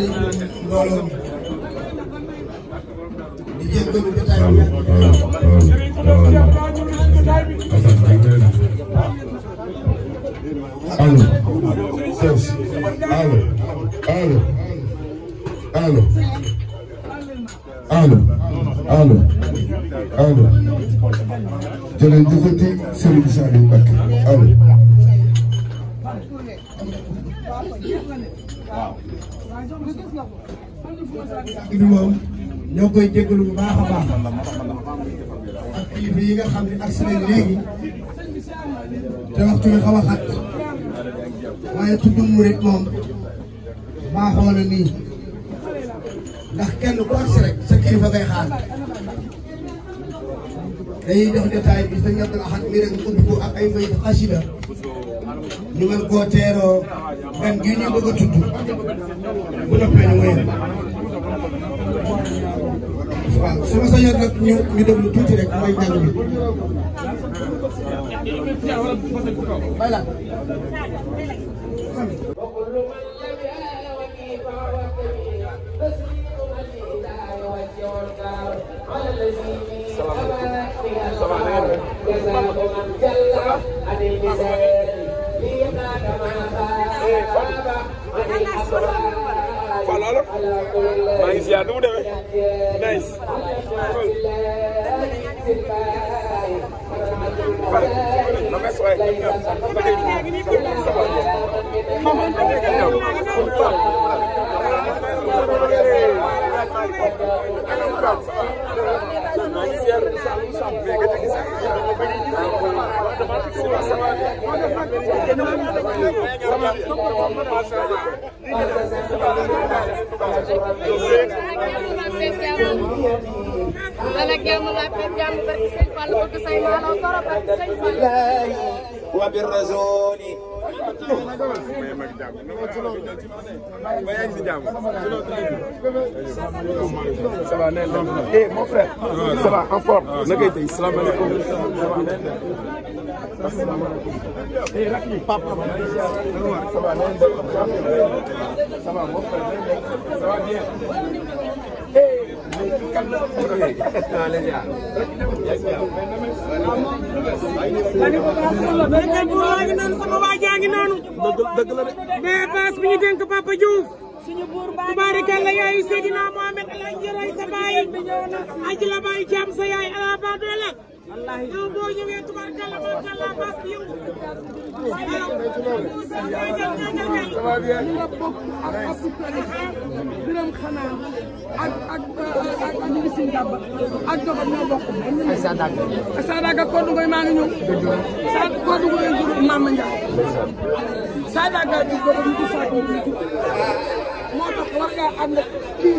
fàttali mbooloo mi di jéggalu jotaay bi yàgg allo sos allo allo allo allo allo allo jërëjëfati Serigne Ibou moom ñoo koy jégalu bu baax a baax ak kilifa yi nga xam ne ak si nañ léegi te waxtu bi xaw a xat waaye tuddum murit moom baaxoo na nii ndax kenn ku agsi rek sa kilifa ngay xaar dañuy jox détail bi sa ñett la xat mi rek mu ubbi ko ak ay mbay xasida ñu mën koo teeroo gan gi ñu bëgg a tudd bu noppee ñu wéyal. waaw ma sañoon nag ñu ñu déglu tuuti rek mooy njàng bi. salaamaaleykum. Falaalo maa ngi ziar nu mu demee nice cool pare na mes waaye ñoom ñoom ba tey ça va mama da ngay gaaw pour toi ana mu baax وبالرزون ça va nee na eh mon frère. ça va en forme. na ngay tey salaamaaleykum. ça va nee na. asalaamaaleykum. eh rakk yi papa. ça va nee na. ça va mon frère. ça va bien. ngi noonu sama waa jaa ngi noonu. dëgg la de. mais paas bi ñu dénk Papa Diouf. suñu buur baa yaayu Seydina Mohamed El Hadj Raye sa baay. la baay Thiam sa yaay ala yow boo ñëwee tubarkalla maasàlla baas bi yëngu nga bokk ak asukari biram xanaa ak ak ak ak ñu si njàmba ak doxam ñoo bokk Sadaga Kodou Ngoye maa ngi ñëw Kodou Ngoye jur Mama Ndiaye Sadaga jur boobu ñu ko fàtte moo tax war ngaa ànd kii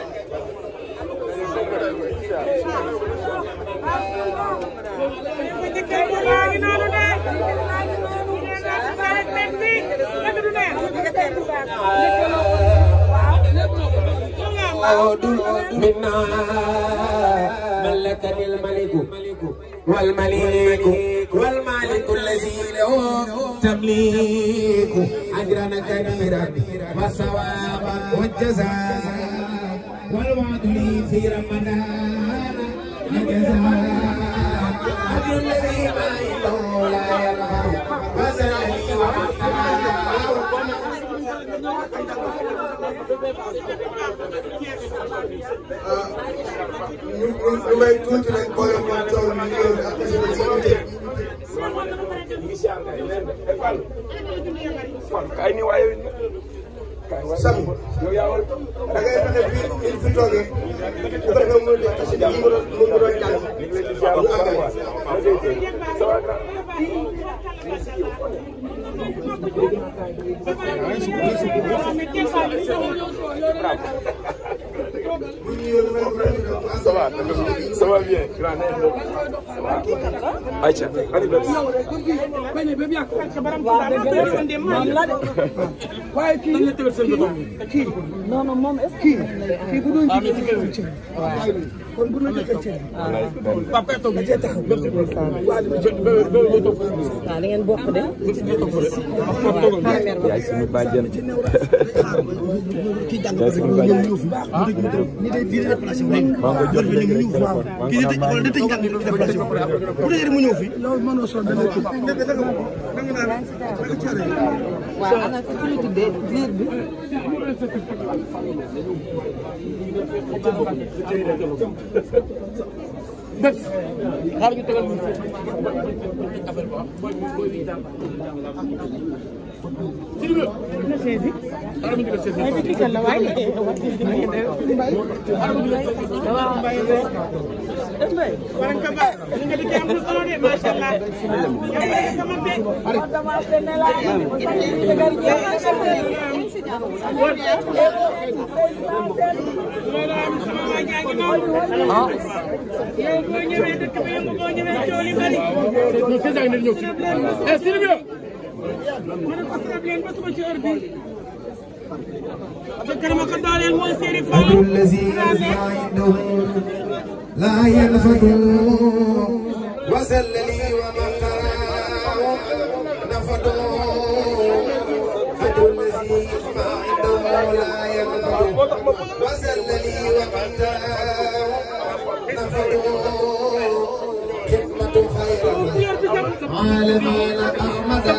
منا ملكني الملك والمليك والمالك الذي له تمليك أجرنا كبيرا وثوابا والجزاء والوعد لي في رمضان أجزاء أجر الذي ما يطول لا يرهب وزرعي ñu may tuuti rek booyam ma tool mi ñëw ak responsabilité ñu ngi si ànd ak ay ni waaye sàmm da ngay fexe bi il fi toogee bu ko defee mu doon xasida mu doon mu doon jàng mu àggale. ça va ça va bien. ayca. waaye kii kii non non moom est-ce que kii bu doon kon bu ñu dëkkal cër yi. Ah. Ah. papa toog na cee taxaw. waaw ah, da ngeen bokk de. yaay suñu bàjjen. yaay suñu bàjjen. maa ngi jot léegi rek téléphone maa ngi ko naan maa ngi ko naan waaw ana fi ñu tuddee liir bi. bés xaaral ñu tegal ah. ma ne ko xarab leen ba suba ci heure bi ba kanam ak dooleel mooy Serigne Fall لا ينفد وسل لي ومن تراه نفد فد الذي ما عنده لا ينفد وسل لي ومن تراه نفد العالمين أحمدا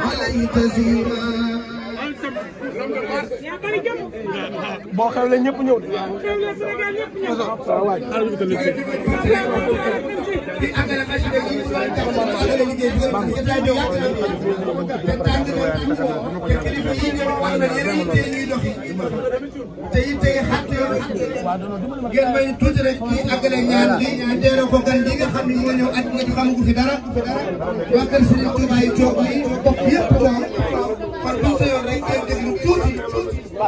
علي تزيما boo xewle ñëpp ñëw de. waaw waay. te it tey xàtte ngeen may tuuti rek ci àggale ñaan gi ñu teere ko gan gi nga xam ne moo ñëw at nga ci xamagu fi dara. waa kër Serigne Touba yi toog yi bokk yëpp toog.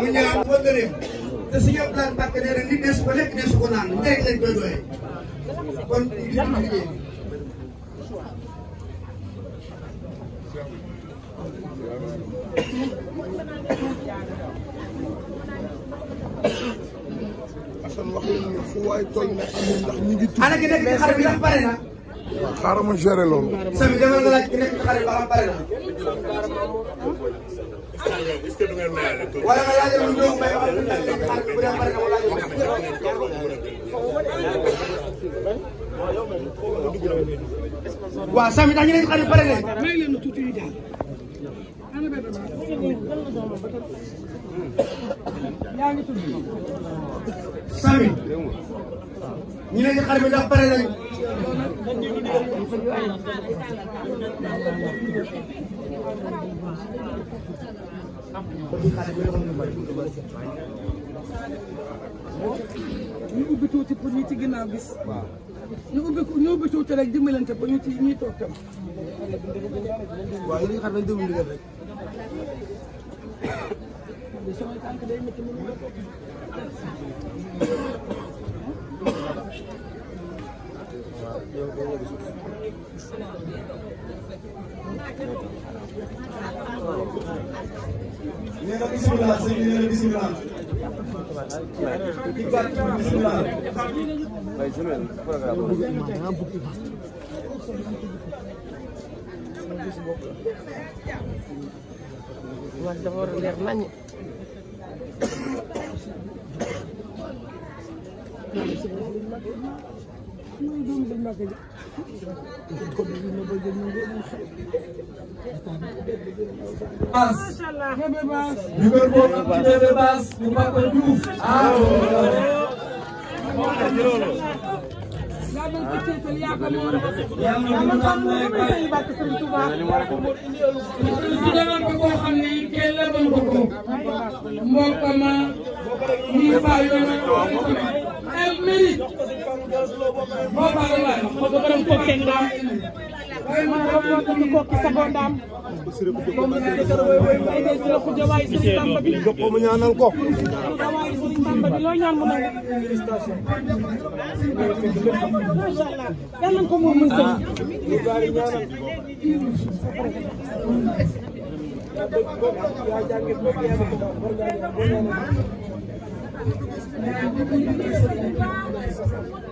mu ñaan wëllëreem te su ñu am daan bàkk nee na nit ne su ko lekk ne su ko naan njëriñ lañ koy doyee kon li ñu liggéey Assane wax nañu ne fu waay toll na amul ndax ñu ngi tudd. ana ki nekk ci xar bi ndax pare na. waaw xaaral ma géré loolu. Samy demal nga laaj ki nekk ci xar bi ba xam pare na. wala nga laajal ñu ñëw may wax bu dee bari na ma laajal waaw Samy ndax ñu ne ñu xam ne pare nañ. may leen tuuti ñu daal. yaa ngi tudd. Samy. ñu ne ñu xam ne ndax pare nañ. ñu ubbi tuuti pour ñu ci ginnaaw gis. ñu ubbi ñu ubbi tuuti rek dimbalante ba ñu ci ñuy toog tam. waaw yéen a xam ne déglu ndigal rek. nee na bisimilah sëñ bi nee na bisimilah. di gàtt bisimilah. man dafa war a leer nañu. mooy doom bi mag ja Bébé Bass ñu gën ko ci Bébé Bass ñu Papa Diouf awo ko xam ne kenn la doon ko ko mbokk ma ni fa yo ay mérite moo baax la ko borom kokki ndaam moo ko kokki sago ndaam ay sira ko jaway sëriñ Bamba bi jox ko mu ñaanal ko jaway sëriñ Bamba bi loo ñaan mu nangu masha Allah yal na ko moom muy sëriñ ñu bari ñaanal yaa jàngi ko yaa ko war nga ñaanal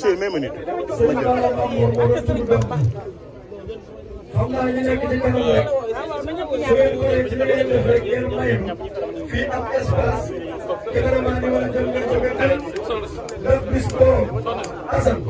sëñ même minute ma espace. te vraiment ni war a jël nga jóge tey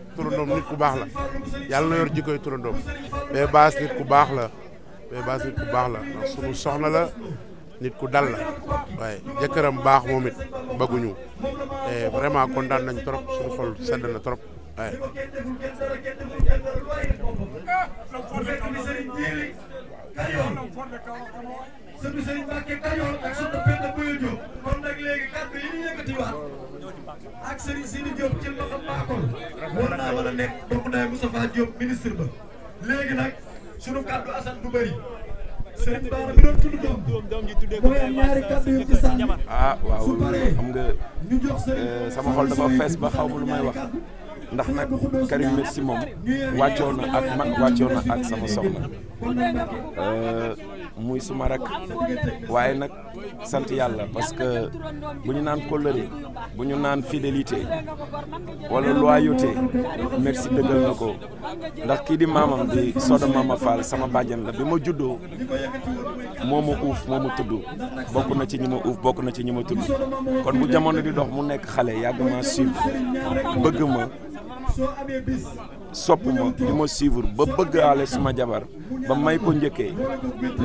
turandoom nit ku baax la yàlla na yor jikkoy turandoom mais baas nit ku baax la mais baas nit ku baax la ndax soxna la nit ku dal la waaye jëkkëram baax moom it bëgguñu et eh, kon kontaan nañ trop suñu xol sedd na trop Serigne Sidi Diop ci ma xam Mbakol war a nekk doomu ndey Moustapha Diop ministre ba am ñaari ah waaw xam nga euh, sama xol dafa fees ba xaw ma lu may wax ndax nag Karim Merci moom wàccoo na ak man wàccoo na ak sama soxna muy suma rak waaye nag sant yàlla parce que bu ñu naan kóllëre bu ñu naan fidélité wala loyauté merci dëggal na ko ndax kii di maamam di Soda Mama Fall sama bàjjan la bi ma juddoo moo ma uuf moo ma tudd bokk na ci ñi ma uuf bokk na ci ñu ma tudd kon bu jamono di dox mu nekk xale yàgg ma suivre bëgg ma sopp ma di ma suivre ba bëgg aale suma jabar ba may ko njëkkee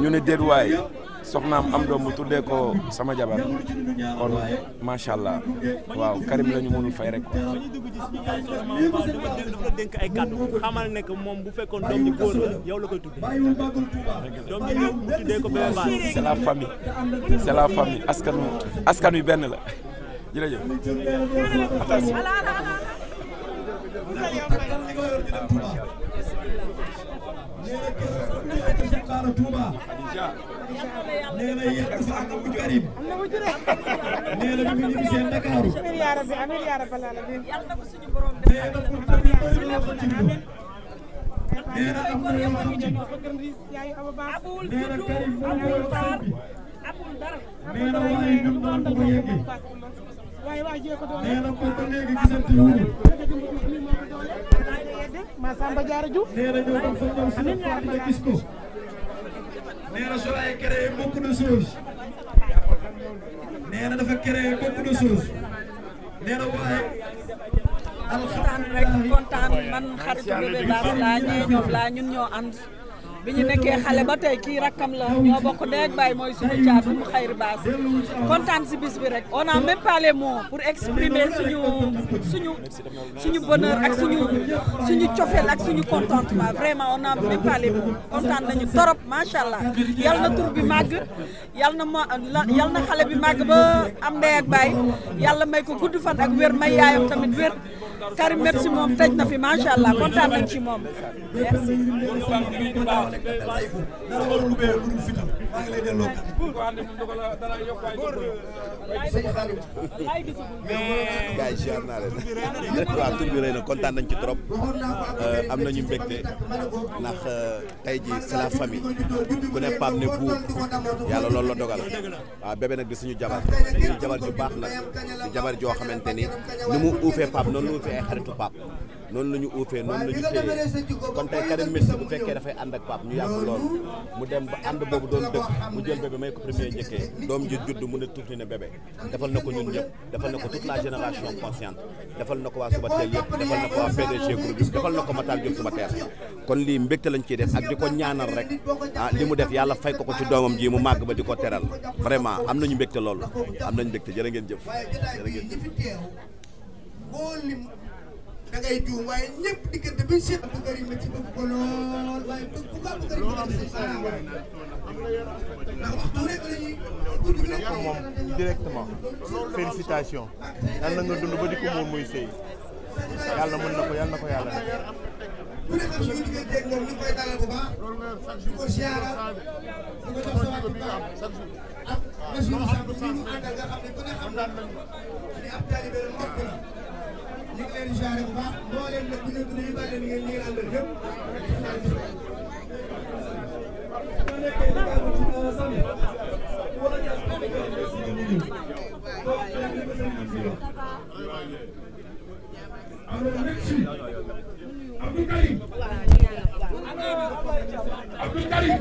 ñu ne déet waay soxnaam am doom bu tuddee ko sama jabar kon macha allah waaw Karim la ñu fay rek. dafa dénk ay kàddu xamal ne moom bu fekkoon doom ji la yow la koy tuddee. doom ji mu tuddee ko bébé askan wi benn la jërëjëf. takkal li nga yor di dem Touba nee na keroog bu ñëwee ci Sëriñ Touba nee na yegg fa ak Abdou Karim nee na bi mu ñibbi seen Ndakaaru nee na pour tamit bëri loo ko ci nee na am na yoo xam ci nee na Karim moo ko yor sëñ bi nee na waaye ñun noonu ko yeggee nee na boobu ba léegi gisante wuñu. Massamba Diarra Diouf. nee na na su lay créé beaucoup de na dafa créé waaye. alxam rek kontaan man xarit bu bébé laa ñee ñoom laa ñun ñoo ànd. bi ñu nekkee xale ba tey kii rakkam la ñoo bokk ndey ak baay mooy suñu caatu mu xayri baas kontaan si bis bi rek on a même pas les mots pour exprimer suñu suñu suñu bonheur ak suñu suñu cofeel ak suñu contentement vraiment on a même pas les mots kontaan nañu torop macha allah yal na tur bi màgg yal na ma yal na xale bi màgg ba am ndey ak baay yàlla may ko gudd fan ak wér may yaayam tamit wér Karim Meps moom tëj na fi macha allah kontaan nañ ci moom merci. maa ngi lay delloo gars na kontaan nañ ci trop am nañu mbégte ndax euh, tey ji c'est la famille ku ne Pape ne buur yàlla loolu la dogal waaw bébé nag di suñu jabar di jabar ju baax nag di jabar joo xamante ni ni mu uufee Pape noonu uufee xaritu Pape noonu la ñu uufee noonu la ñu kon tey Karim Messi bu fekkee dafay ànd ak Pape ñu yàgg lool mu dem ba ànd boobu doon dëkk mu jël bébé may ko premier njëkkee doom ji judd mu ne tuuf ni ne bébé defal na ko ñun ñëpp defal na ko toute la génération consciente defal na ko waa Subatel yëpp defal na ko waa PDG groupe yëpp defal na ko Matar Diop Subatel kon lii mbégte lañ ciy def ak di ko ñaanal rek ah li mu def yàlla fay ko ko ci doomam ji mu màgg ba di ko teral am nañu mbégte loolu am nañu mbégte jërë ngeen jëf jërë ngeen jëf da ngay juum waaye ñëpp diggante bi Cheikh Abdou Karim moom directement félicitation yàlla na dund ba di ko moom muy sëy yàlla mën na ko yàlla na bu ne xam ko siyaara di ñu ngi leen jaare bu baax boo leen nag bu ñu tuddee bàyyi leen ngeen ñi àndal yëpp alors merci Abdou Karim Abdou Karim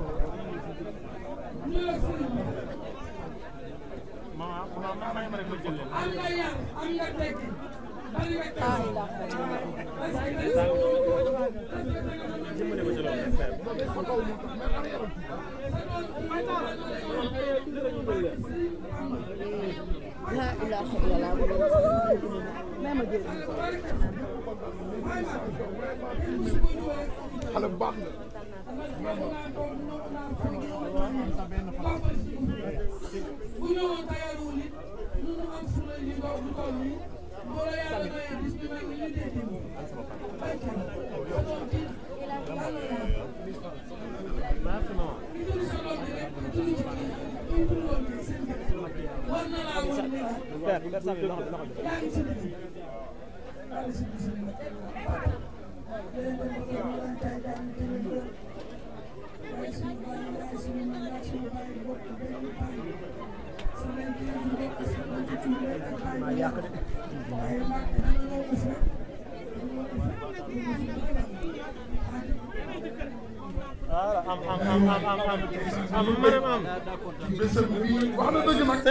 am nga yar am nga teg bari nga taal la ilaha illallah mama jël xale bu baax bu ñëwoon tayaru nit ñu am fula li doog lu toll nii loolu yàlla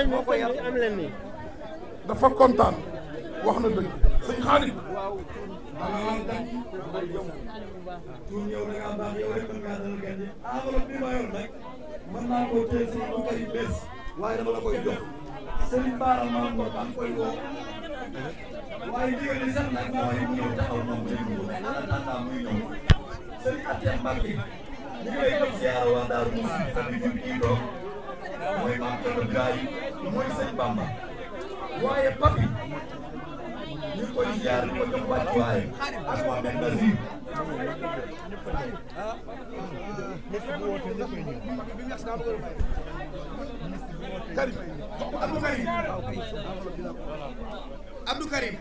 moo ko yar dafa kontaan wax na dëgg sëñ Xaadim waaw dañ pour ñëw da ngaa baax yow rek mën ngaa dana gàncax enveloppe bi ma yor nag mën naa koo téye si lu koy bés waaye dama la koy jox Serigne Bara maa ngi ko koy woo waaye jigéen ñi sax nag moo yi mu ñëw taxaw moom déglu ko ana tata muy ñëw Serigne Atia Mbacke ñu ngi lay def ziar waa Daaru Muxti sa bi ñu ngi toog mooy maam Thierno Birahim mooy sëñ Bamba waaye papi ñu koy ziar ñu ko jox wàccuwaay ak waa benn Nazir Karim Abdou Karim Abdou Karim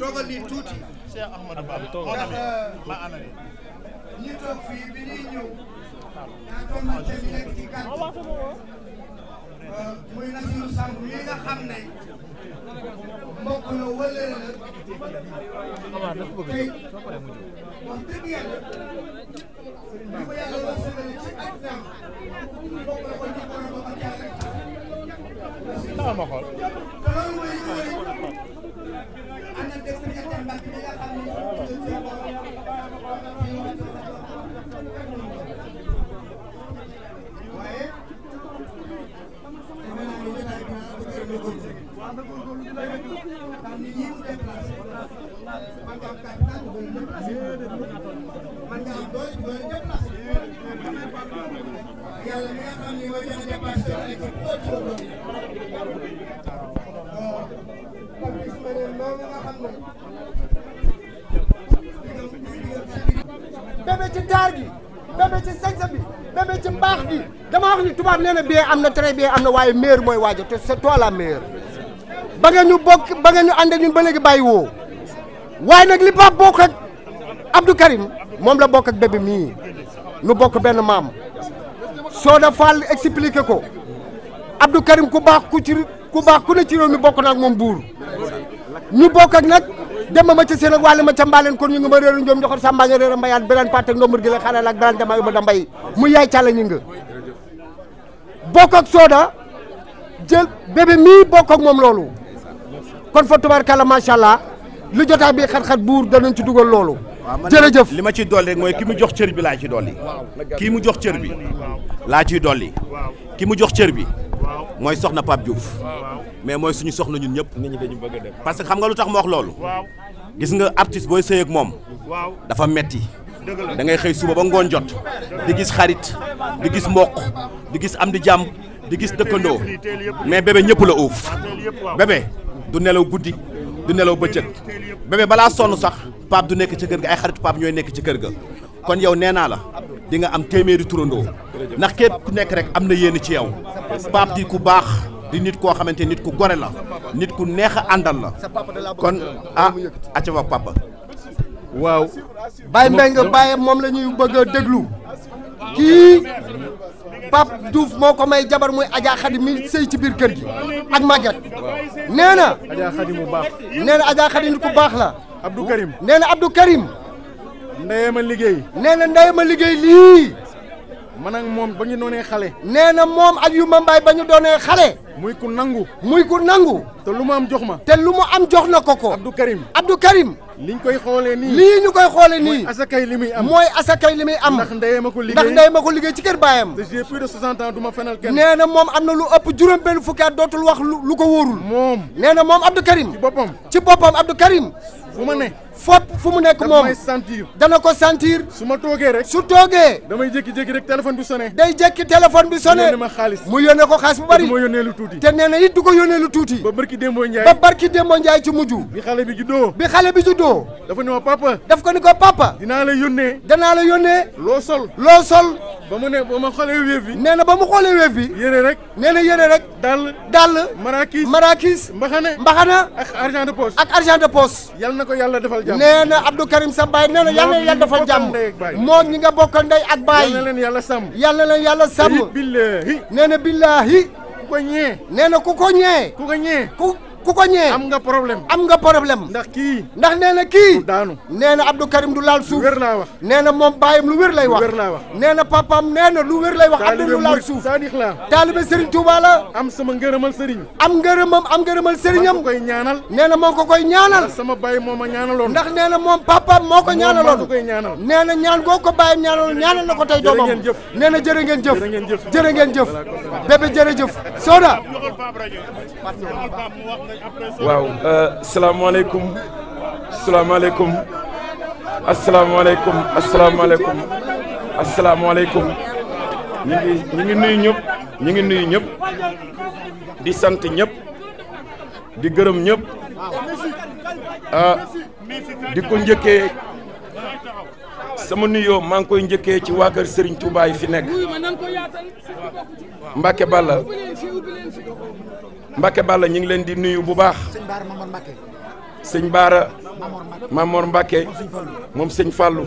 toogal nii tuuti Cheikh Ahmadou Bamba toogal euh, nii ñi toog fii bi ñuy ñëw muy Nassirou Samb mi nga xam ne mbokk la wële la tey wax dëgg yàlla li ko yàlla wërsëgale ci ak ndam mbokk la ko njëkkoon a ba ba jaar rek. bébé ci taar gi bébé ci sañsa bi bébé ci mbaax gi dama wax ni tubaab nee na bien am na très bien am na waaye meilleur mooy waajo te c'est toi la meilleure ba nga ñu bokk ba nga bokk moom la bokk ak mii nu bokk benn maam Soda Fall expliqué ko Abdou Karim ku baax ku ci ku baax ku ne ci réew mi bokk na moom buur ñu bokk ak nag demba ma ca seen ak wàlle ma ca mbaaleen kon ñu ngi ma réeru ñoom joxoon sàmbaaño réer a mbayaat beneen parte ndombur gi la xaalal ak beneen dama yóbba mu yaay càlla ñu nga bokk ak Soda jël bébé mii bokk ak moom loolu kon fa tubaarkàlla macha allah lu jotaay bi xat-xat buur danañ ci dugal loolu jëf li ma ci dolli rek mooy ki mu jox cër bi laa ci dolli kii mu jox cër bi laa ciy dolli ki mu jox cër bi mooy soxna Pape Diouf mais mooy suñu soxna ñun ñëpp nit ñi dañu bëgg dem parce que xam nga lu tax ma wax loolu gis nga artiste booy sëy ak moom dafa metti da ngay xëy suba ba ngoon jot di gis xarit di gis mboq di gis am di jàmm di gis dëkkandoo mais bébé ñëpp la uuf bébé du nelaw guddi du nelaw bëccëg bébé balaa sonn sax pape du nekk ca kër ga ay xaritu pape ñooy nekk ci kër ga kon yow nee naa la di nga am téeméeri turandoo ndax képp ku nekk rek am na yéen ci yow pape di ku baax di nit koo xamante nit ku gore la nit ku neex a àndal la kon ah aca wax papa waaw Baye Mbengue Baye moom la ñuy bëgg a déglu kii Pape Diouf moo ko may jabar muy Adja Khady mi sëy ci biir kër gi ak Maguette nee na Adja Khady baax nee na Adja nit ku baax la Abdou Karim nee na Abdou liggéey. nee na ndeyema liggéey lii. man ak moom ba ñu doonee xale. nee na moom ak Yumba Mbaye ba ñu doonee xale. muy ku nangu. muy ku nangu. te lu mu am jox ma. te lu mu am jox na ko ko. Abdou Karim Abdou Karim. ñu koy xoolee nii li ñu koy xoolee nii. mooy asakay li muy am mooy asakay li muy am. ndax ndey ma ko liggéey ko liggéey ci kër baayam. te j'ai plus ma fenal nee na moom am na lu ëpp juróom-benn fukki at dootul wax lu ko wóorul. moom nee na moom Abdou Karim. ci boppam ci boppam Abdou Karim fu ma ne. fopp fu mu nekk moom damay sentir. dana ko sentir. su ma toogee rek su toogee. damay jékki-jékki rek téléphone bi sonné. day jékki téléphone bi sonné. mu yónnee ma xaalis mu yónnee ko xaalis bu bari. te du ma ko yónnee lu tuuti. ba barki Demba Ndiaye ba barki Demba Ndiaye ci mujj. bi xale bi juddoo. bi xale bi juddoo. dafa ne ma papa. daf ko ni ko papa. dinaa la yónnee. danaa la yónnee. loo sol loo sol. ba mu ne ba ma xoolee wéef bi. nee na ba mu xoolee wéef bi. yére rek nee na yére rek. dàll dàll. marakis marakis. mbaxane mbaxane. ak argent de poche. ak argent de poche. yal na ko yàlla defal jàmm nee na Abdou sa baay nee na yàlla na yàlla defal jàmm moo ñi nga bokkal ndey ak baay yàlla leen yàlla sàmm yàlla leen yàlla sàmm billaahi nee na billaahi ku ko ñee nee na ku ko ñee ku ko ñee ku ku ko ñee am nga problème am nga problème ndax kii ndax nee na kii daanu nee na Abdou Karim du laal suuf wér laa wax nee na moom bàyyam lu wér lay wax wér laa wax nee na papaam nee na lu wér lay wax Abdou du laal suuf saadix la taalibe Serigne Touba la am sama ngërëmal Serigne am ngërëmam am ngërëmal Serignam koy ñaanal nee na moo ko koy ñaanal sama bàyyi moo ma ñaanaloon ndax nee na moom papaam moo ko ñaanaloon koy ñaanal nee na ñaan goo ko bàyyam ñaanaloon ñaanal na ko tey doomam nee na jërë ngeen jëf jërë ngeen jëf bébé jërëjëf Soda waaw euh, salaamaaleykum salaamaaleykum asalaamaaleykum asalaamaaleykum asalaamaaleykum ñu ngi ñu ngi nuyu ñëpp ñu ngi nuyu ñëpp di sant ñëpp di gërëm ñëpp ah, di ko njëkkee sama nuyoo maa ngi koy njëkkee ci waa kër Serigne Touba yi fi nekk Mbacke Balla Mbacke bala ñu ngi leen di nuyu bu baax. sëñ Baara Mamor mbake sëñ moom sëñ Fallou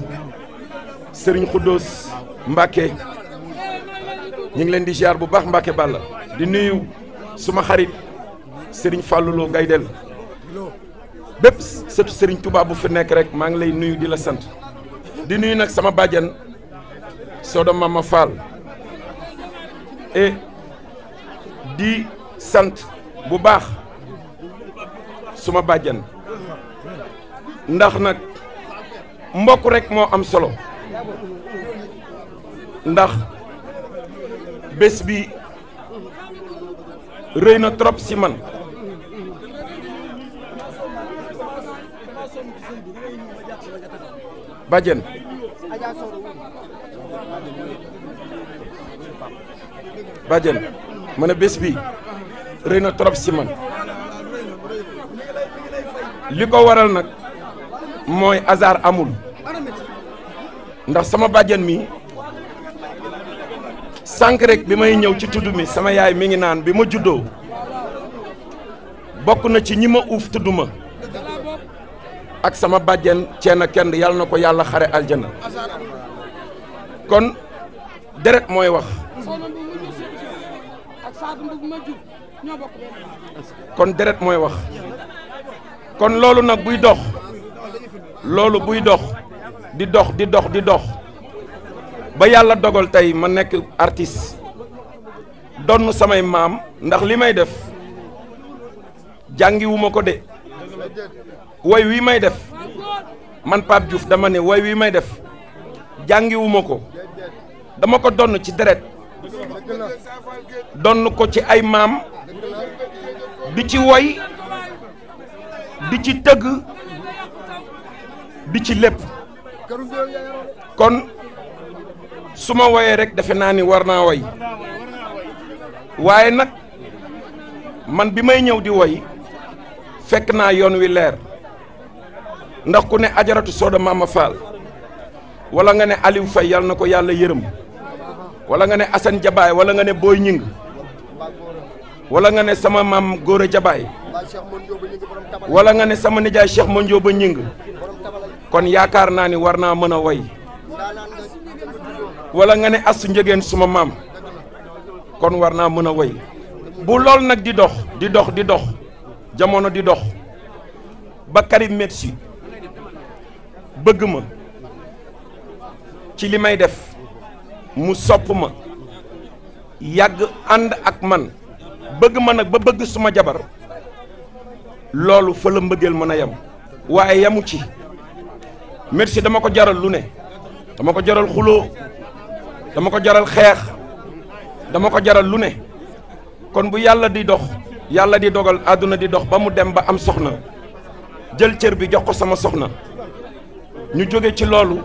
sëriñ Xuddoos Mbacke ñu ngi leen di ziar bu baax Mbacke Balla di nuyu suma xarit sëriñ Fallou Lo ngay bépp sëtu sëriñ Touba bu fi nekk rek maa ngi lay nuyu di la sant di nuyu nag sama bàjjan Soda Mama Fall et di sant. bu baax suma bàjjan ndax nag mbokk rek moo am solo ndax bés bi rëy na trop si man bàjjen bàjjen ma ne bés bi rëy na trop li ko waral nag mooy hasard amul ndax sama bàjjen mi sànq rek bi may ñëw ci tudd mi sama yaay mi ngi naan bi ma juddoo bokk na ci ñi ma uuf tudd ak sama bàjjen ceena kenn yàlla na ko yàlla xare aljana kon deret mooy wax. kon deret mooy wax kon loolu nag buy dox loolu buy dox di dox di dox di dox ba yàlla dogal tey ma nekk artiste donn samay maam ndax li may def jàngiwuma ko de woy wi may def man Pape Diouf dama ne woy wi may def jàngiwuma ko dama ko donn ci deret donn ko ci ay maam di ci woy di ci tëgg bi ci lépp kon su ma woyee rek defe naa ni war naa woy waaye nag man bi may ñëw di woy fekk naa yoon wi leer ndax ku ne ajaratu Soda Mama Fall wala nga ne Aliou Faye yàlla na ko yàlla yërëm wala nga ne Assane Jabaay wala nga ne Boy Ñing wala nga ne sama maam góor Gora Jabaay wala nga ne sama nijaay Cheikh Mandioba Ñing kon yaakaar naa ni war naa mën a woy wala nga ne asu njëgeen suma maam kon war naa mën a woy bu lool nag di dox di dox di dox jamono di dox ba Karim metsi bëgg ma ci li may def mu sopp ma yàgg ànd ak man bëgg ma nag ba bëgg suma jabar loolu fa la mbëggeel mën a yem waaye yamu ci merci dama ko jaral lu ne dama ko jaral xuloo dama ko jaral xeex dama ko jaral lu ne kon bu yàlla di dox yàlla di dogal àdduna di dox ba mu dem ba am soxna jël cër bi jox ko sama soxna ñu jóge ci loolu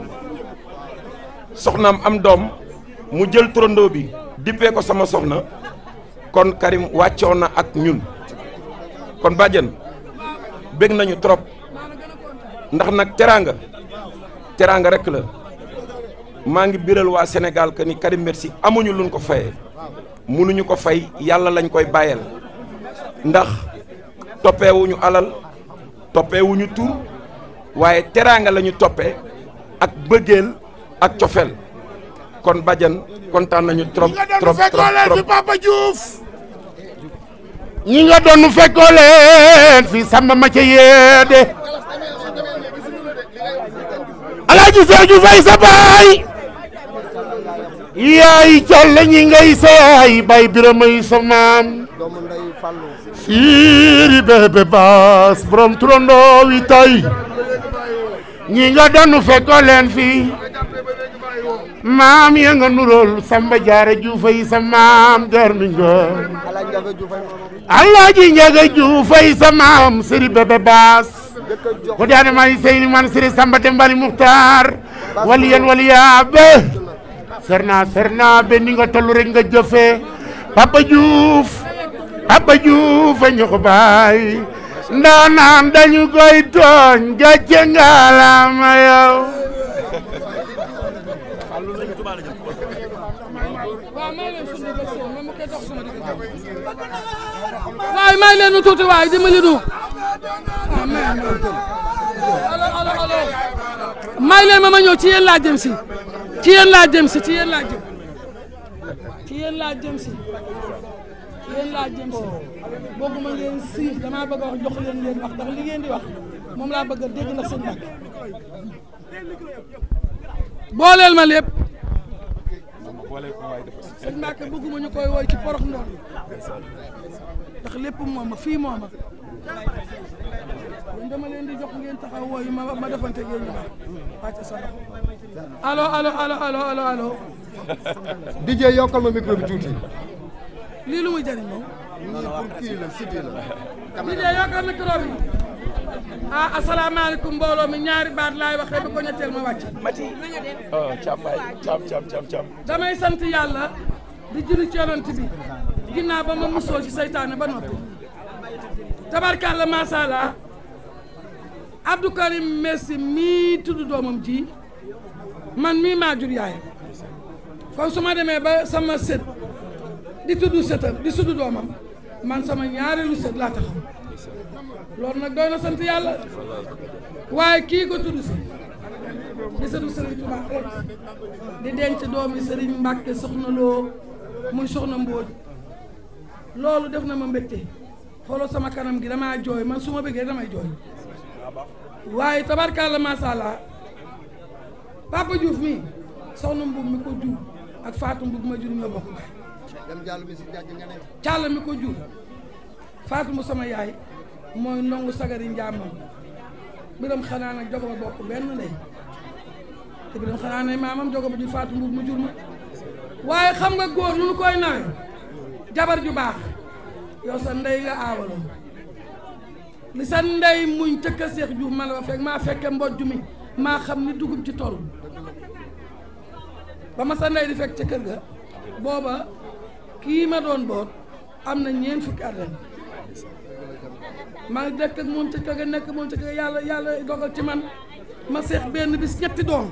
soxnaam am doom mu jël turandoo bi dippee ko sama soxna kon Karim wàccoon na ak ñun kon bàjjen bég nañu trop ndax nag teraanga teraanga rek la maa ngi biral waa Sénégal que ni Karim merci amuñu luñ ko fayee mënuñu ko fay yàlla lañ koy bàyyeel ndax toppeewuñu alal toppeewuñu tur waaye teraanga lañu toppe ak bëggeel ak cofeel kon Badiane kontaan nañu trop trop trop trop ñi nga doon fekkoo leen fi samba ma ca yéede alaaji Seydou Faye sa baay yaay colle ñi ngay say bay biramay sa maam siiri bébé baas borom turandoo tay ñi nga doon fekkoo fi maam ya nga nurool samba jaare Juuf ay sa maam gar nga Alaaji Njaga Juufay sa maam sëri bébé baas ko daane may seyni man sëri sambate mbali muxtaar waliyan waliyaabe serna serna be ni nga tollu rek nga jëfe papa Diouf papa Diouf a ñu ko baay ndaanaan dañu koy tooñ gàcce nga la ma waay may leen nu tuuti waay dimbali nu may leen ma ma ñëw ci yéen laa jëm si ci yéen laa jëm ci yéen laa jëm ci yéen laa jëm si ci damaa bëgg jox leen leen wax ndax li ngeen wax moom laa bëgg a dégg ndax seen booleel ma lépp seen ñu koy woy ndax lépp ma fii mooma kon dama leen di jox ngeen taxaw wooyu ma ma defante ngeen ñu baax wàcc sa allo allo allo allo allo allo yokkal ma micro bi tuuti lii lu muy jëriñ moom nii kii la siti la DJ yokkal micro bi ah asalaamaaleykum mbooloo mi ñaari baat laay waxee bi ko ma wàcc mati oh cam cam cam cam damay sant yàlla di julli ci yonent bi ginnaaw ba ma musoo ci seytaane ba noppi tabarkalla macha allah Abdou Karim Messi mii tuddu doomam ji man mii maa jur yaayam kon su demee ba sama sët di tudd sëtam di tudd doomam man sama ñaareelu sët laa taxaw loolu nag doy na sant yàlla waaye kii ko tudd si di sëtu Serigne Touba rek di denc doomi Serigne Mbacke na loo mu soxna Mbodj loolu def na ma mbégte xoolal sama kanam gi dama jooy man su ma bëggee damay jooy waaye tabarkalla macha allah papa Diouf mi soxna Mbow mi ko jur ak Fatou Mbow ma jur ñoo bokk nga càll mi ko jur Fatou mu sama yaay mooy ndongu sagari njàmmam biram xanaa nag jogo ba bokk benn ndey te biram xanaa ne maamam jogo ba jur Fatou Mbow mu jur ma waaye xam nga góor lu nu koy nawe jabar ju baax yow sa ndey nga aawaloo li sa ndey muñ tëkk a seex juuf man la fekk maa fekke mbojj mi maa xam ni dugub ci toll ba ma sa ndey di fekk ca kër ga booba kii ma doon boot am na ñeent fukki at ren ma dëkk ak moom ca kër ga nekk moom ca kër ga yàlla yàlla dogal ci man ma seex benn bis ñetti doom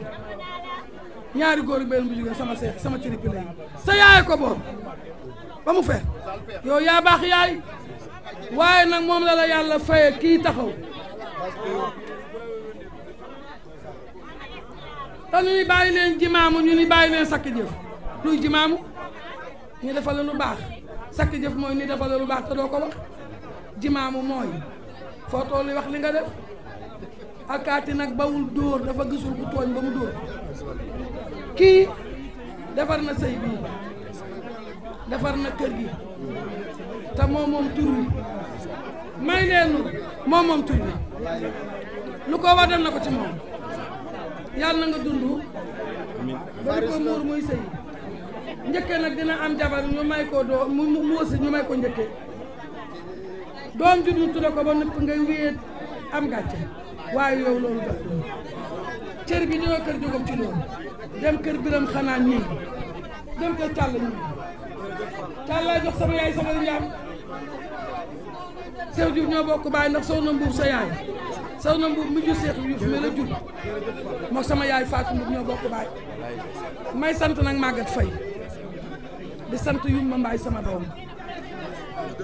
ñaari góor ak benn bu jigéen sama seex sama triplé sa yaay ko boor ba mu fer yow yaa baax yaay waaye nag moom la la yàlla faye kii taxaw te ñu ni bàyyi leen jimaamu ñu ni bàyyi leen sakk jëf luy jimaamu ñu defal lu baax sakk jëf mooy ni defal lu baax te doo ko wax jimaamu mooy foo toll wax li nga def alkaati nag bawul dóor dafa gisul ku tooñ ba mu dóor kii defar na sëy bii defar na kër gi te moom tur bi may leen moom moom tur bi lu ko war na ko ci moom yàlla na nga dund bari ko muur muy sëy njëkkee nag dina am jabar ñu may ko doo mu mu aussi ñu may ko njëkkee doom juddu tudda ko ba nëpp ngay wéet am gàcce waaye yow loolu da cër bi ñëwee kër jógob ci loolu dem kër biram xanaan nii dem kër càll nii càllaay jox sama yaay sama njaam Seex Juuf ñoo bokk bàyyi ndax sow na sa yaay sow na mbuub mi ju Seex Juuf la jur moo sama yaay Faatu Mbuub ñoo bokk bàyyi may sant nag Maguette Faye di sant Yumba Mbaay sama doom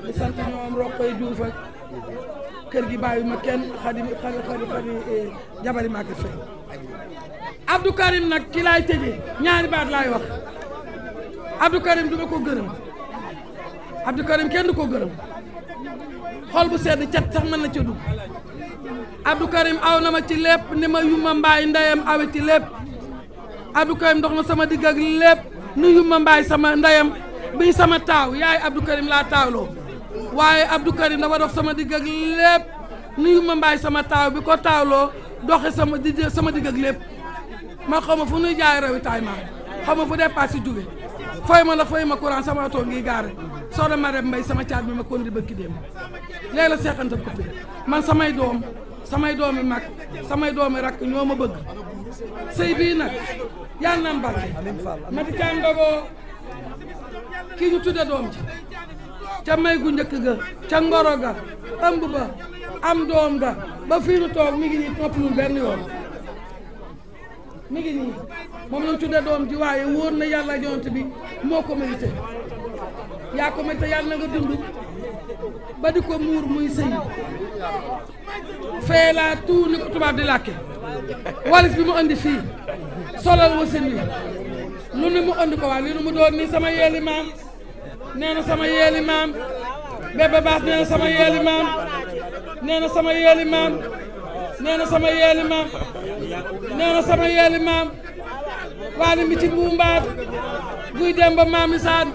di sant ñoom Rokoy Juuf ak kër gi bàyyi ma kenn xadi eh, nag ki laay tëjee ñaari baat lay wax Abdou Karim du ma ko gërëm Abdou Karim kenn du ko gërëm xol bu sedd cat sax mën na ca dugg Abdou Karim aw na ma ci lépp ni ma yu ma mbaay ndeyam awe ci lépp Abdou dox na sama digg ak lépp nu yu sama ndeyam bii sama taaw yaay Abdou Karim laa taawloo waaye Abdou Karim dafa dox sama digg ak lépp nuyu ma mbaay sama taaw bi ko taawloo doxe sama di sama digg ak lépp ma xaw ma fu nuy jaay rawitaay ma xaw ma de dépassé jóge fay ma la fay ma courant sama oto ngi gaare soo dama reb sama caat bi ma kon di bëkki dem léegi la seexantal ko man samay doom samay doomi mag samay doomi rakk ñoo ma bëgg sëy bii nag yàlla na mbarke mati caan ndogoo kii ñu tudde doom ji ca may gu njëkk ga ca ngoro ga ëmb am doom ga ba fii nu toog mi ngi nii noppalul benn yoon mi ngi nii moom lañ tudde doom ji waaye na yàlla yonent bi moo ko mérité yaa ko mérité yàlla na nga ba di ko muur muy sëy feelaa tout ni ko di làkke walis bi mu andi fii solal wasin wi lu ni mu andi ko waa li nu mu doon ni sama yeeli maam nee sama yeeli maam Bébé Baas nee sama yeeli maam nee sama yeeli maam nee sama yeeli maam nee na sama ci mbuumbaat guy dem ba maam isaan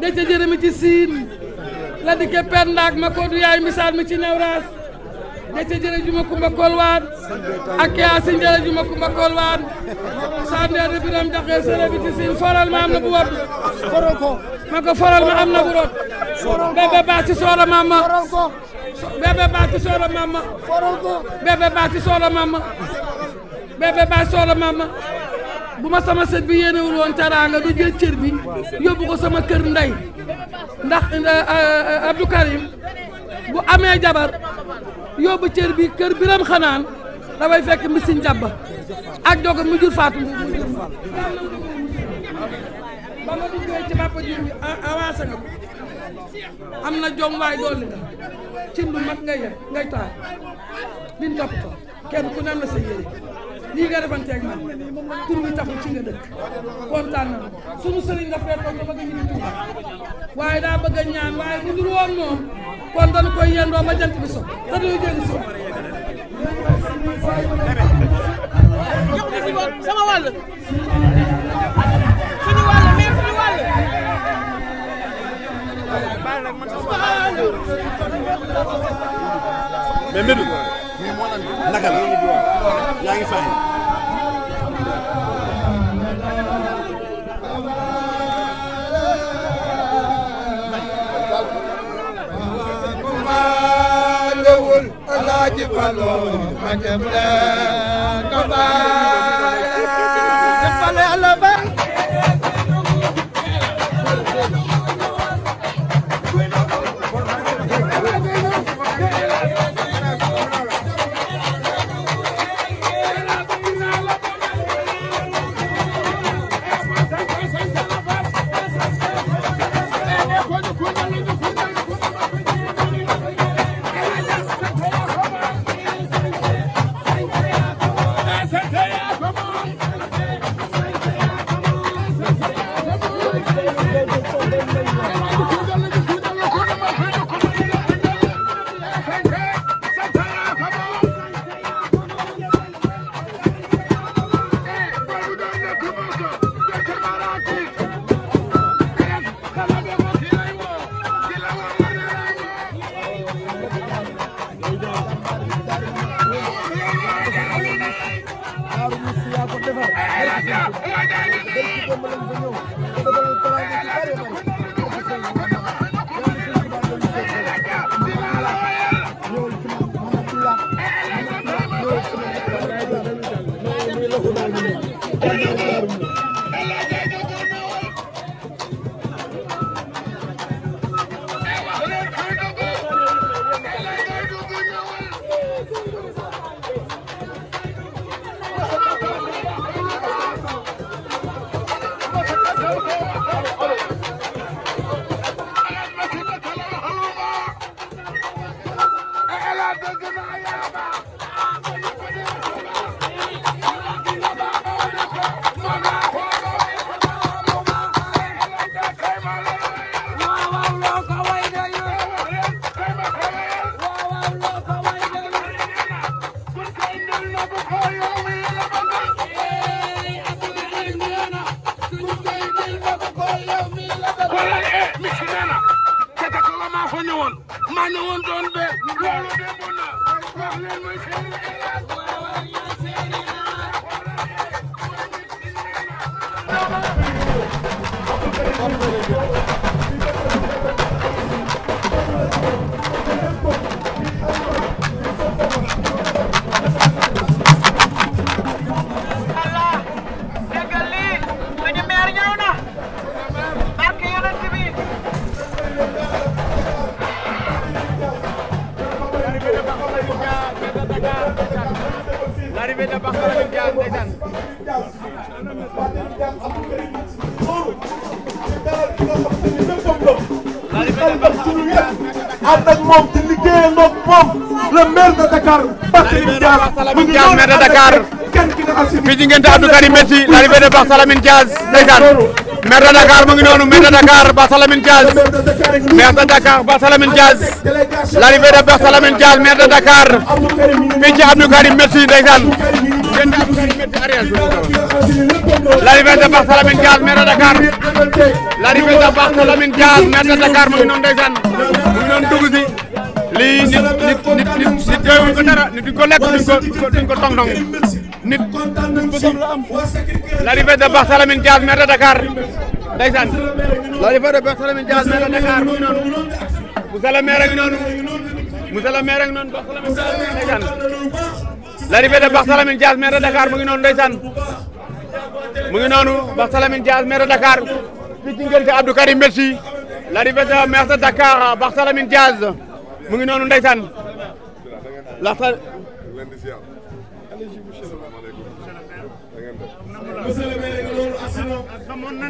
dëcc jërë mi ci siin la dikke pendaak ma ko du yaay mi ci newraas dece jërëjëf juma kumba kolwaan ak yaa kumba kolwaan sandeer de biram daxee sëre bi ma na bu wot foral ma am na bu rot bébé baa ci soora mama bébé baa ci soora mama foral ko bébé baa ci soora mama bébé ma sama sët bi yéenewul woon teraanga du jël bi yóbbu ko sama kër ndax eh, eh, eh, Abdou bu amee jabar yóbbu cër bi kër biram xanaan dafay fekk mbisin jàbba ak dogo mu jur faatu mu jur faal ba nga duggee ci papa jur bi avancé nga ko am na jom waay dolli nga cin lu mag ngay yëg ngay taal liñ toppatoo kenn ku ne na sa lii nga defanteeg man tur bi taxul ci dëkk kontaan na suñu sëriñ nga fee toog dama ko indi Touba waaye daa bëgg ñaan waaye bu dul noonu kon dañu koy yendoo ba jant bi so te duñu jënd si jox na si woon sama wàll suñu wàll mais suñu wàll mais Mbédou naka la yaa ngi fay. alaaji Fallu ma jëm leen Dakar Barthélémy Dias Barthélémy Dias maire de Dakar fii ci ngeen Abdou Karim Messi l'arrivée de Barthélémy Dias ndeysaan maire de Dakar mu ngi noonu maire de Dakar Barthélémy Dias maire de Dakar Barthélémy Dias l'arrivée de Barthélémy Dias maire de Dakar fii ci Abdou Karim Messi ndeysaan l'arrivée de Barthélémy Dias maire de Dakar l'arrivée de Barthélémy Dias maire de Dakar mu ngi noonu ndeysaan mu ngi noonu dugg si lii nit nit nit jooyuñ ko dara nit duñ ko lekk duñ ko duñ ko tong-tong nit bëggam la am l'arrivée de Barthélémy Dias maire de Dakar ndeysaan l'arrivée de Barthélémy Dias maire de Dakar mu ngi noonu monsieur le maire a ngi noonu monsieur le maire a ngi noonu Barthélémy Dias ndeysaan l'arrivée de Barthélémy Dias maire de Dakar mu ngi noonu ndeysaan mu ngi noonu Barthélémy Dias maire de Dakar fii ci ngënte Abdou Karim Messi l'arrivée de maire de Dakar Barthélémy Dias mu ngi noonu ndeysaan laata. monsieur le maire ngi loolu asino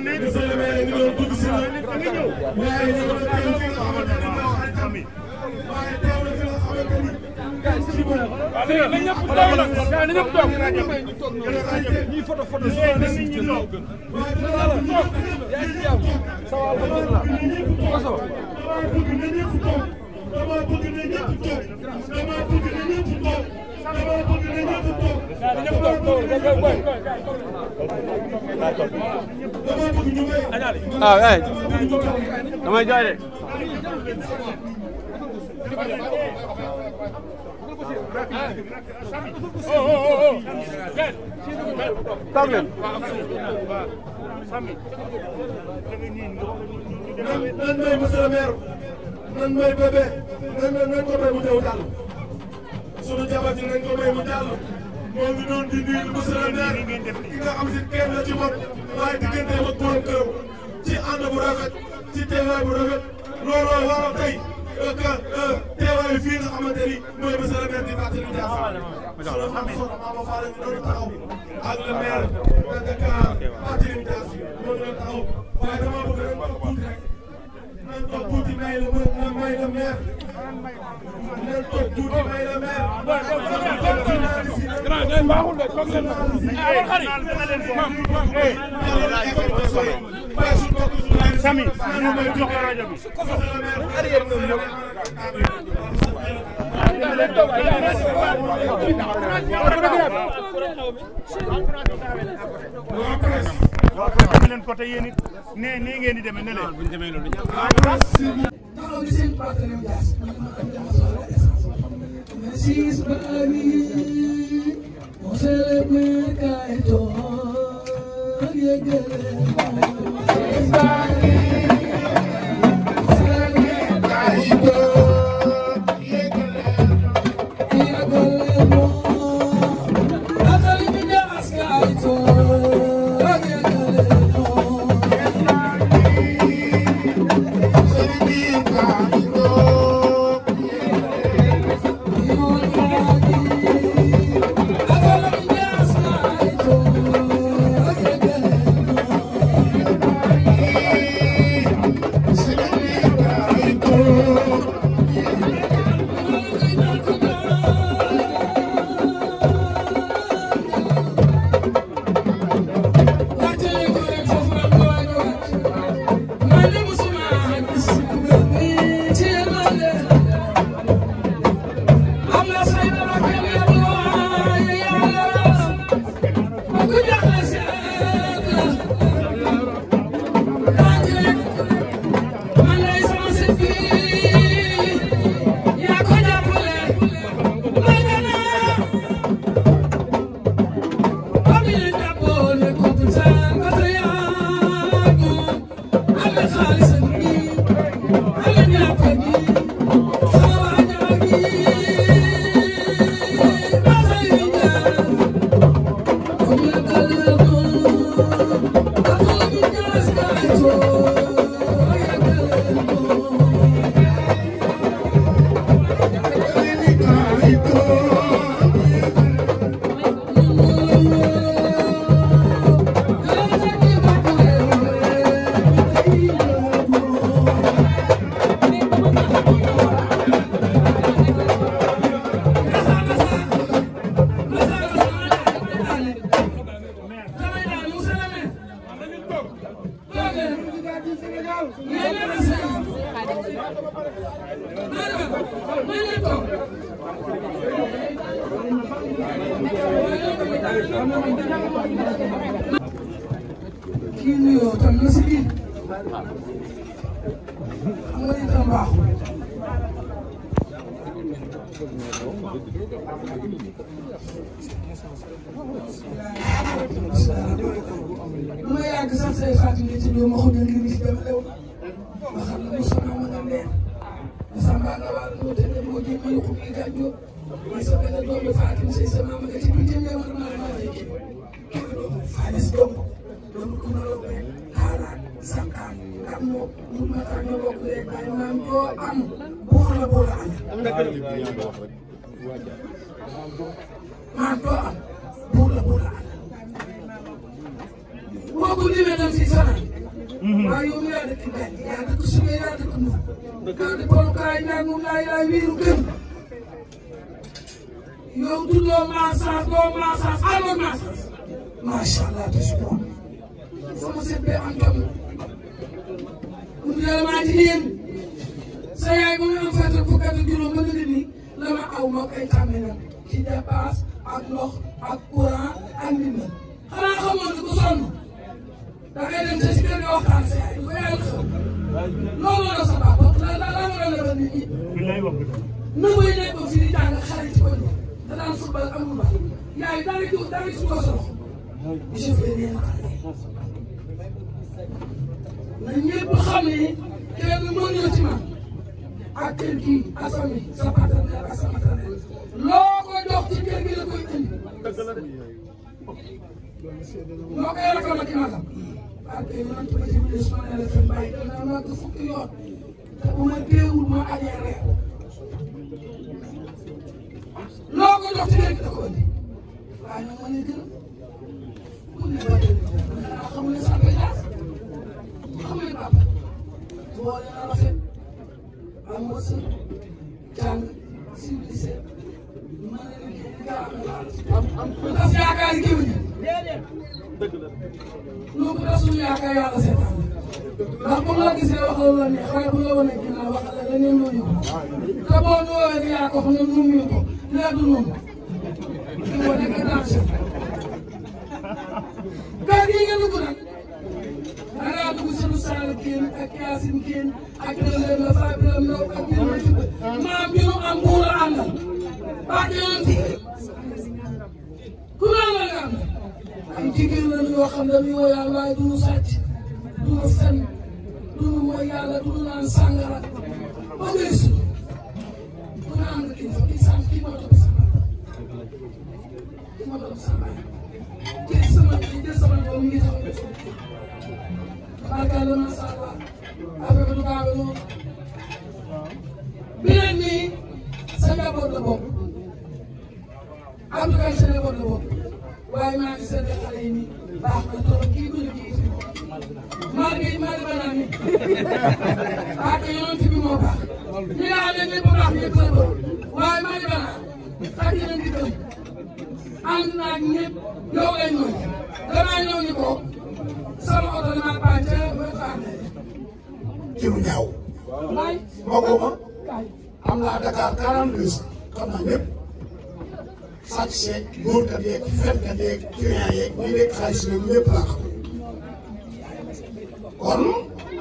monsieur le maire ngi loolu dugg si na waaye ñëw na teew fi nga xamante ni moo xaritam mi waaye teew na fi nga xamante ni gars yi si bu na ñëpp toog la gars yi na ñëpp toog ñu toog ñuy photo photo si waaye nit ñi toog waaye dina la toog yaa ngi jàmm sa waa alhamdulilah dama bëgg na ah ay damay jooy de nan may bébé nan nan ko may mu teew jàll. sunu jabar ji nañ ko mu jàll. moo ngi doon di nuyu monsieur le maire ki nga xam si kenn la ci bopp waaye diggante ak borom këram ci ànd bu rafet ci teewaay bu rafet looloo waral tey euh, que euh, teewaay fii nga xamante ni mooy monsieur le maire di fàttali Ndiassane. sunu maam Soxna Mama Fall ñu doon taxaw ak le maire de Dakar fàttali Ndiassane ñoo doon taxaw waaye dama bëgg rek tuuti rek. nañ toog tuuti may la may la maire. nañ toog tuuti may la maire. waaw waaw waaw waaw waaw leen côté yéen it nee nii ngeen di demee ne leen. taxaw ci seen partenaire jaas man ma am dama soxla essence. siis ba abi on se lève mais kaay toog yëgale. waa Ndawar Ndoo Tende moo ji mayu xub yi gaañoo mooy sa benn doomu Fatim Sey maam nga ci biir jënd yaa mën maa maa dégg doomu Falis Dombo doomu Kumalobe Haara Sankaan ak am buur la buur la maam joo am buur la buur la ànd waaye yow yaa dëkk Ndany yaa dëkk Suuna yaa dëkk Ndou. dëgg la di polukaay naan mu laay laay wiiru gën. yow tuddoo maasaas doo maasaas àndoon maasaas. macha allah de suba. sama set bee am tam. Koundé la maa ci yéen. sa yaay ba mu am fàtte fukk ak juróom ba nga nii la ma aw moog ay tàmminam ci dépense ak ndox ak courant ak ndimbal xanaa xamoon ne ku sonn. dangay dem ca ci kër yoo xam sa yaay du ko yaay la xam loo mën a sa papa la la la mën a lebal nit ñi. na muy nekkoon fii di jàng xale ci koñ da daan football amul ba yaay dara ci dara ci ko solo je fais rien na ñëpp xam ne kenn moo ñëw ci man ak kër gi ak famille sa partenaire ak sa partenaire loo ko jox ci kër gi la koy indi. moo koy rafetlu ci maanaam. ak yonent ba ci biir Ismaïla la seen bàyyi dinaa màgg fukki yoon te bu ma teewul ma ma lay gërëm na ma déglu xanaa xamul ne sax day yaas xamul ne papa boole na rafet am wërsëg jàng civilisé am yaakaar yi géwél yi ko yaakaar yàlla seetaan ndax la gisee wax la loo neex waaye bu la la leneen loo yëg te boo ñu woowee nga yaa ko xam ne nu ko nee du noonu da koo nekk danger kër ak yaasin génn ak dëgg la Fatou Biram Ndao ak maam am nguur a àndal baax yonent yi ku la la nga am ay jigéen lañu yoo xam dañuy woyaan waaye duñu sàcc duñu fen duñu mooy yàlla duñu naan sàngara ba ngay suñu ku ne am nga kii fa kii sàmm kii moo topp sa baay kii moo topp sa baay jël sama jël sama doom ngi taxaw barka la masha Allah affaire bi du gaaw noonu beneen nii sa njaboot la bokk Abdou Kaye sa njaboot la bokk waaye maa ngi seetlu xale yi nii baax na trop kii bu ñu kii maa ngi maa ngi banaan nii parce que yonent moo baax ñu laa leen ñëpp baax ñëpp la bokk waaye maa ngi banaan fàtte leen di gëm ànd naag ñëpp ñoo ngay ñëw damaa ñëw ni ko sama oto damaa baax ca ba fàtte. jiw ñaaw. maa ngi. moo ko am naa Dakar quarante deux cent xam naa ñëpp sàcc seeg góorkat yeeg fenkat yeeg xaalis ñoom ñëpp laa xam kon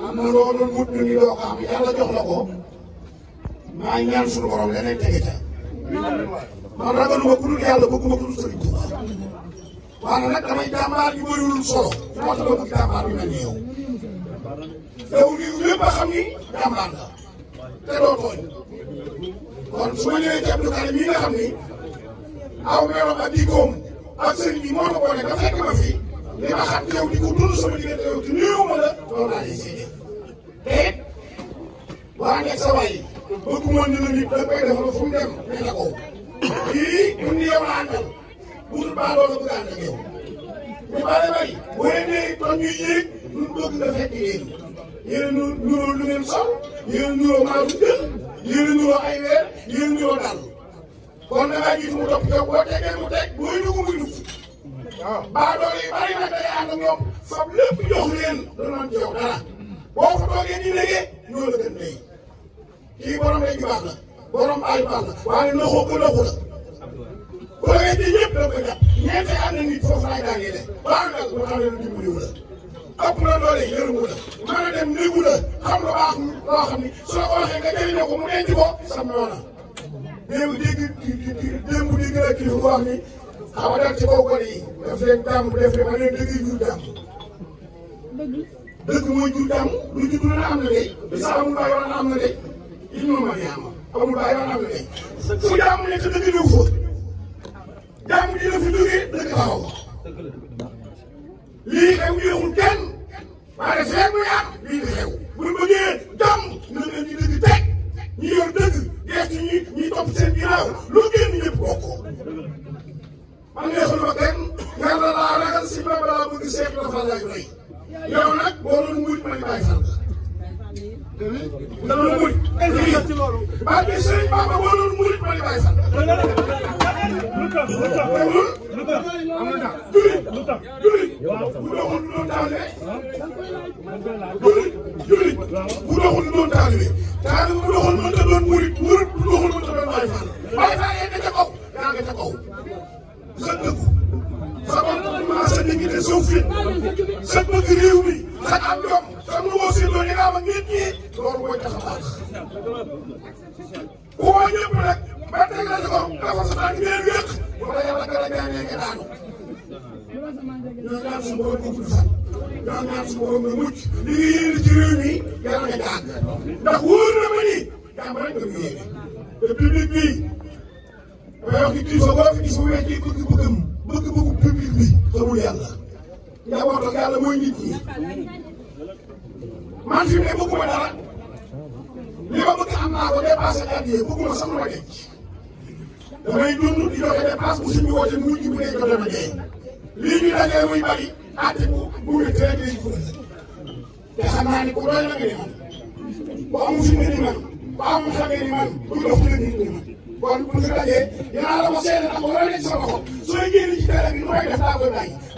am na loo doon wut doo ko am yàlla jox la ko maa ngi ñaan suñu borom leneen tege ca man ragaluma ku dul yàlla bëgguma ku dul sëriñ Tuuba waaye nag damay jàmbaar yu bëriwul solo ma bëgg jàmbaar yu mel a xam ni jàmbaar te doo tooñ kon su ma ñëwee ci Abdou Karim nga xam ni aw meloom ak jikkoom ak sëriñ bi moo ma boole nga fekk ma fi li ma xam yow di ko dund sama diggante yow te nuyu ma la loolu laa lay séddee. te boo ànd ak sa waay bëgg moon ne la nit da koy defal fu mu dem ne la ni yow la nee toog ñuy yéeg ñun bëgg nga fekk yéen yéen a nuroo lu ngeen sol yéen yéen nuroo ay weer yéen nuroo dàll kon da ngay gis mu topp yow boo tegee mu teg buy dugg muy dugg waaw baa doole bari nag day ànd ñoom fab lépp jox leen lu naan ci boo ko toogee di léegee ñoo la gën day borom day ju borom aay baax la waaye loxo ko loxo la bu la ngay da nga ñeente am na nit foofu laay daangee de baax nga lu xam ne lu dimbaliwu la ëpp na doole yërëmu la mën a dem néegu la xam lu baax loo xam ni soo ko waxee nga jëriñoo ko mu denc ko sam noona démb dégg démb dégg wax ni xaw a dal ci kaw gone yi daf leen ma leen dëgg jur tàmm dëgg mooy jur tàmm lu jur na am na de bisa amul bàyyi woon na am na de il noonu ma yaama amul bàyyi woon na am na de fu jàmm nekk lii xew yéexul kenn waaye feeg muy am li di xew bu ñu bëggee jàmm na leen di dëgg teg ñi yor dëgg gerte ñi ñi topp seen ginnaaw loo génn man neexul ma kenn mer la laa ragal si ma balaa bëgg seet la fa lay doy yow nag boo doon muj man bàyyi fan la. dana la muj. baa bi sëriñ Bamba boo doon muj man bàyyi fan la. lu tax am na tax lu tax julli waaw bu doxul noonu taale julli julli bu doxul noonu taale bi taale bu doxul mënta doon murit murit bu doxul mënta doon Baay Faal Baay Faal yee nga ca kaw yaa nga ca kaw sa dëggu sa comportement sa dignité sa fit sa bëgg réew mi sa am doom sa mu woo si doon yi nga am ak nit ñi loolu mooy tax a baax woo ñëpp nag ba teg la ci kaw dafa sa tànk benn wéq bu la yàlla gën a gaañee nga daanu ñoo ñaan suñu borom nga nga mucc li nga ci réew mi yàlla nga jàng ndax wóor na ma ni jàmm rek nga yéene te public bi fi gis mu wecc bëgg-bëggam bëgg-bëggu public bi xamul yàlla njaboot ak yàlla mooy nit man fi mu ne bëgguma dara li ma bëgg am naa ko dépassé at yii bëgguma sax ma denc damay dund di joxe dépense bu suñu woote muy ji bu dee jote ma dee lii ñu dajee muy bari àtte bu bu wér rek lañ ko te ku doy la nga di man bu amul suñu di man bu amul xamee di man ku dox la nit di man kon bu sooy génn ci télé bi nu may def daa koy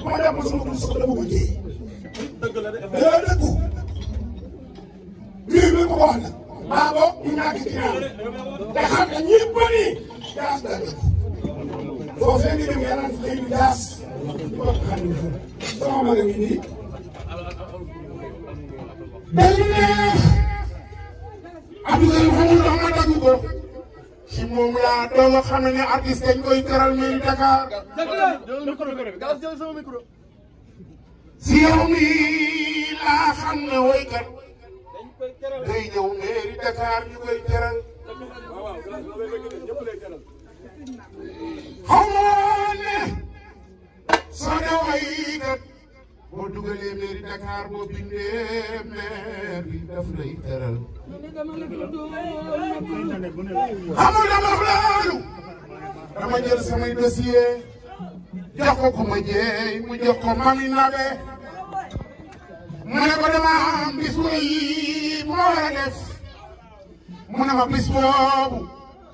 ma dem ba sama dund soxla bëgg jëyee daa dëggu lii bi ko wax na maa bokk ñu ñàkk ci naan te xam ne gaaɗɗaɗe so fewnide mi yanata leydi das goɗɗo hande samamare mi ni belne abdougari hamudo hama dagu ko si moom laa doog a xam ne artiste dañ koy teral mairie Dakar si yow mi laa xam ne woykat day ñëw mairie Dakar ñu koy teral xamoon ne soo de way kat boo dugalee mairie Dakar boo bindee maire bi daf lay teral xamul samay dossier jox ko ko ma jeey mu jox ko mami mu ne ko bis bu ma war mu ne ma bis boobu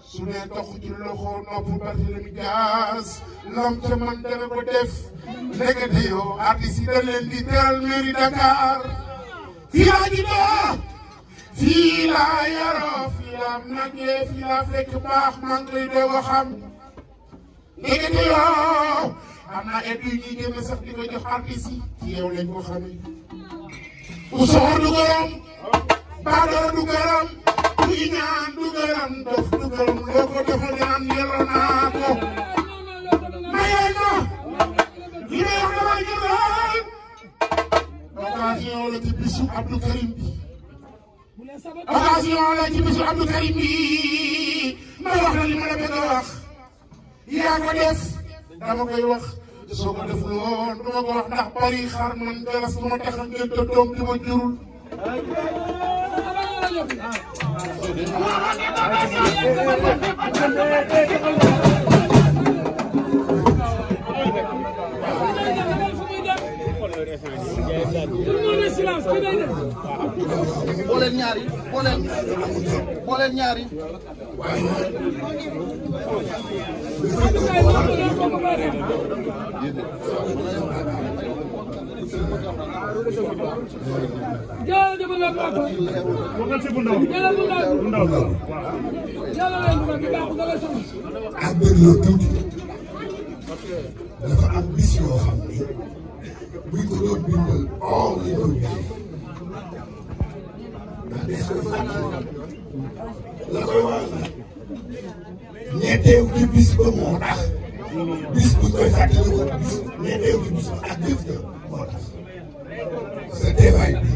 su ne toxu ci loxo noppu Barthélemy Dias lam ca man dana ko def ndekete yoo artiste yi dañ di teral mairie Dakar fii laa juddoo fii laa yaroo fii laa naggee fii fekk baax maa ngi lay a xam ndekete yoo am na aide yu ñuy génne sax di ko jox artiste yi ci yow lañ ko xamee. bu soxor du gërëm. baadoor du gërëm. ki ñaan du gërëm def du gërëm loo ko defal ñaan yàlla naa ko mayeen ma li may wax dama jëlaal occasion la ci bisu Abdou Karim bi occasion la ci bisu Abdou Karim bi may wax na li ma la bëgg a wax yaa ko def dama koy wax soo ko deful woon dama ko wax ndax bari xar man galas du ma tax a gën te doom di ma jurul booleen ñaari booleen booleen ñaari jërëjëf bu ndaw bu ndaw ak benn yoon tuuti dafa am bis yoo xam ni buñ ko doon bindal or lay doon bindal ndax des koy fàttali la koy waral nag ñetteew ci bis ba moo tax bis buñ koy fàttali ko bis ñetteew ci bis ba ak jëf ja moo tax sa teewaay bi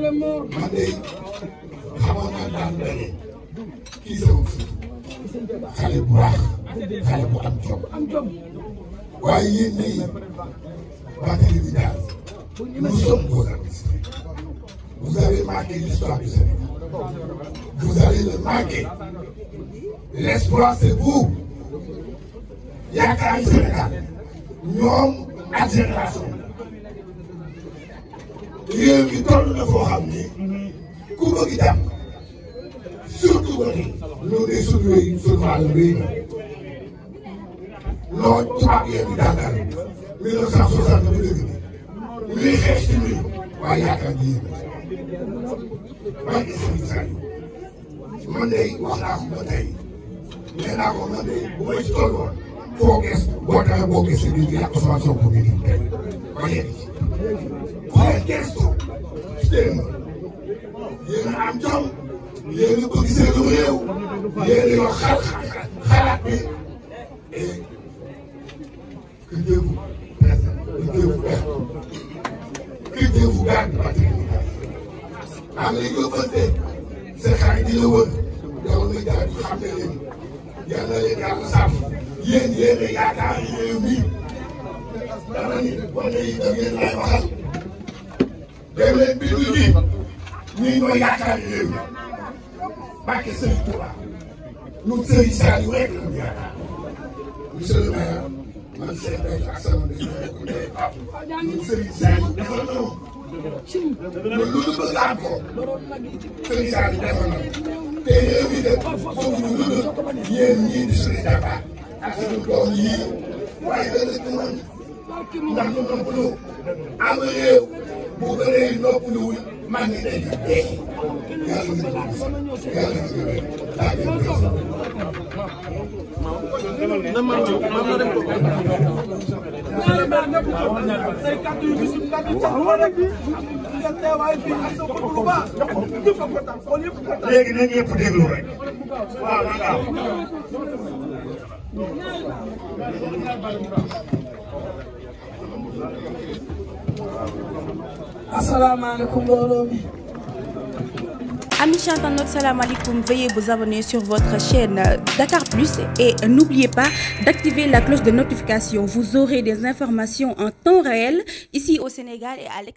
ma de xamoon naa daan daje kii sama xale bu baax xale bu am jom waaye yéen ñii Barthélémy Dias nous sommes vos administrés vous avez marqué l'histoire du Sénégal vous allez le marquer l'espoir c'est vous yaakaar Sénégal ñoom ak génération réew mi toll na foo xam ku bëgg jàpp surtout ba tey loolu day suñu réew suñu wàllu réew mi loo tubaab bi dàngal mille neuf cent soixante bu dëgg bi ñuy xeex ci mbir waaye yaakaar ni yéen bañ na seen wax naa ba tey nee naa ko man de bu ma ci tolloon foo boo taxee boo gees di yàq sama ba yegg waaye gestu dégg nga yéen a am jom yéen a bëgg seen réew yéen a yor xar xalaat bi et eh, que Dieu vous blesse, que Dieu vous garde, que Dieu vous garde am nañ ko bënte sa xarit di la wër yow na jaar xam ne leen yàlla leen yàlla sàmm yéen yéen a yaakaar yéen mi dama ni wala yi da ngeen laay waxal dem leen bi ñu ji ñuy ñoo yaakaar réew mi Mbàkke Sëriñ Tuuba ñun Sëriñ Saliou rek la ñu yaakaar monsieur le maire man Cheikh Béthio ak sama mbéy mi ko dee Pape ñun Sëriñ Saliou defal na loolu lu ñu bëgg am ko Sëriñ Saliou defal na te réew mi de foog ñu lu yéen ñii di suñu jàmbaar ak suñu doom yii waaye dana ci mën ndax ñu noppalu am réew bu bëree noppaluwul maa ngi leen di dee yàlla na léegi nañ ñëpp déglu rek waaw na nga am asalaamaaleykum mbooloo mi. Amis chantanot vous abonner sur votre chaîne Dakar Plus et n'oubliez pas d'activer la cloche de notification vous aurez des informations en temps réel ici au Sénégal et à l'extérieur